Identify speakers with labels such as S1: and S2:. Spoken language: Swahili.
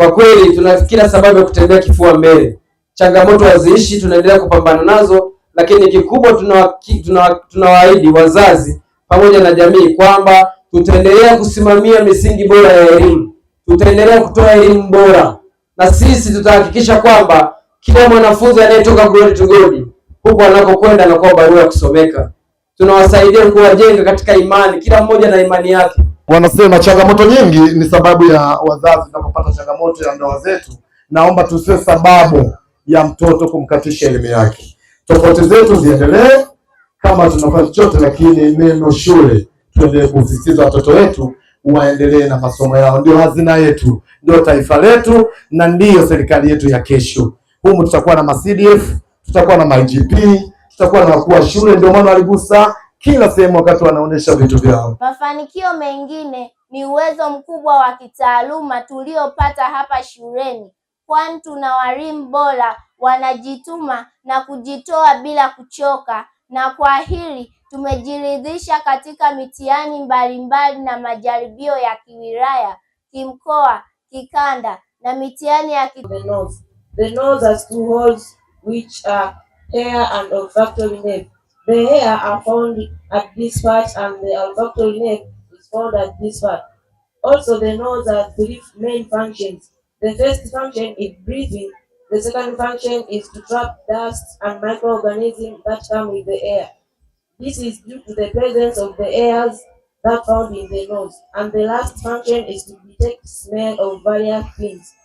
S1: Kwa kweli tuna kila sababu ya kutembea kifua mbele. Changamoto haziishi, tunaendelea kupambana nazo, lakini kikubwa tunawaahidi tuna, tuna wazazi pamoja na jamii kwamba tutaendelea kusimamia misingi bora ya elimu, tutaendelea kutoa elimu bora, na sisi tutahakikisha kwamba kila mwanafunzi anayetoka Glory to God huko anakokwenda anakuwa barua ya kusomeka. Tunawasaidia kuwajenga katika imani, kila mmoja na imani yake
S2: wanasema changamoto nyingi ni sababu ya wazazi. Tunapopata changamoto ya ndoa zetu, naomba tusiwe sababu ya mtoto kumkatisha elimu yake. Tofauti zetu ziendelee kama tunafanya chochote, lakini neno shule tuendelee kusisitiza, watoto wetu waendelee na masomo yao. Ndio hazina yetu, ndio taifa letu, na ndiyo serikali yetu ya kesho. Humu tutakuwa na ma CDF, tutakuwa na ma IGP, tutakuwa na wakuu wa shule. Ndio maana waligusa kila sehemu wakati wanaonyesha vitu vyao.
S3: Mafanikio mengine ni uwezo mkubwa wa kitaaluma tuliopata hapa shuleni, kwani tuna walimu bora wanajituma na kujitoa bila kuchoka, na kwa hili tumejiridhisha katika mitihani mbalimbali na majaribio ya kiwilaya, kimkoa, kikanda na mitihani ya ki
S4: The nose. The nose has two holes which are hair and olfactory nerve. The hair are found at this part and the olfactory neck is found at this part. Also, the nose has three main functions. The first function is breathing. The second function is to trap dust and microorganisms that come with the air. This is due to the presence of the airs that found in the nose. And the last function is to detect smell of various things.